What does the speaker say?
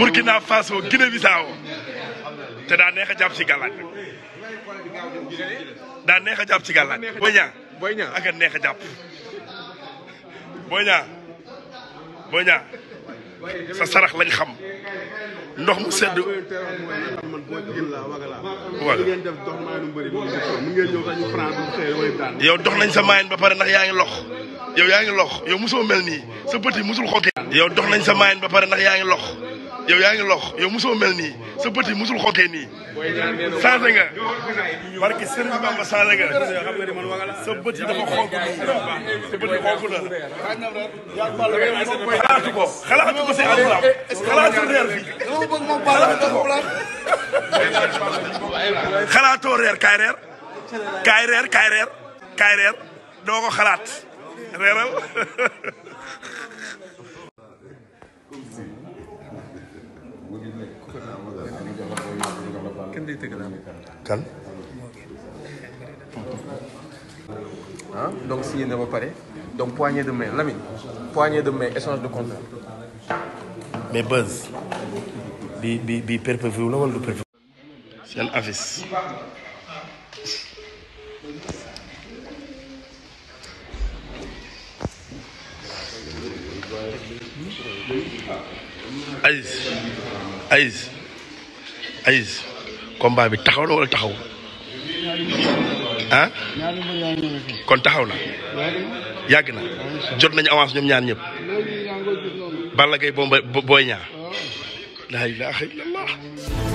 Burkina Faso Guinée Bissau te daa neex a jàpp ci gàllaaj daa neex a jàpp ci gàllaaj Boy Niang Boy Niang ak a neex a jàpp Boy Niang Boy Niang sa sarax lañ xam ndox mu sedd yow dox nañ sa maayen ba pare ndax yaa ngi lox yow yaa ngi lox yow mosoo mel nii sa petit mosul xoki yow dox nañ sa maayen ba pare ndax yaa ngi lox yow yaa ngi lox yow mosoo mel nii sa bët yi mosul xokkee nii. changé nga barke Serigne Bamba changé nga sa bët yi dafa xonk sa bët yi xonk na xalaatu ko xalaatu ko si alxuraan xalaatu reer bi xalaatu ko xalaatoo reer kaay reer kaay reer kaay reer kaay reer doo ko xalaat reeral Hein? donc signé na ba pare donc poignée de main l'ami, poignée de main échange de contrat. mais Buzz. bi bi bi perpévu le wala du perpévu. seen affiche. Aziz Aziz Aziz combat bi taxaw na wala taxaw ah kon taxaw na yàgg na jot nañu avance ñoom ñaar ñëpp Balla Gaye Boy Niang laa ilaaha illallaah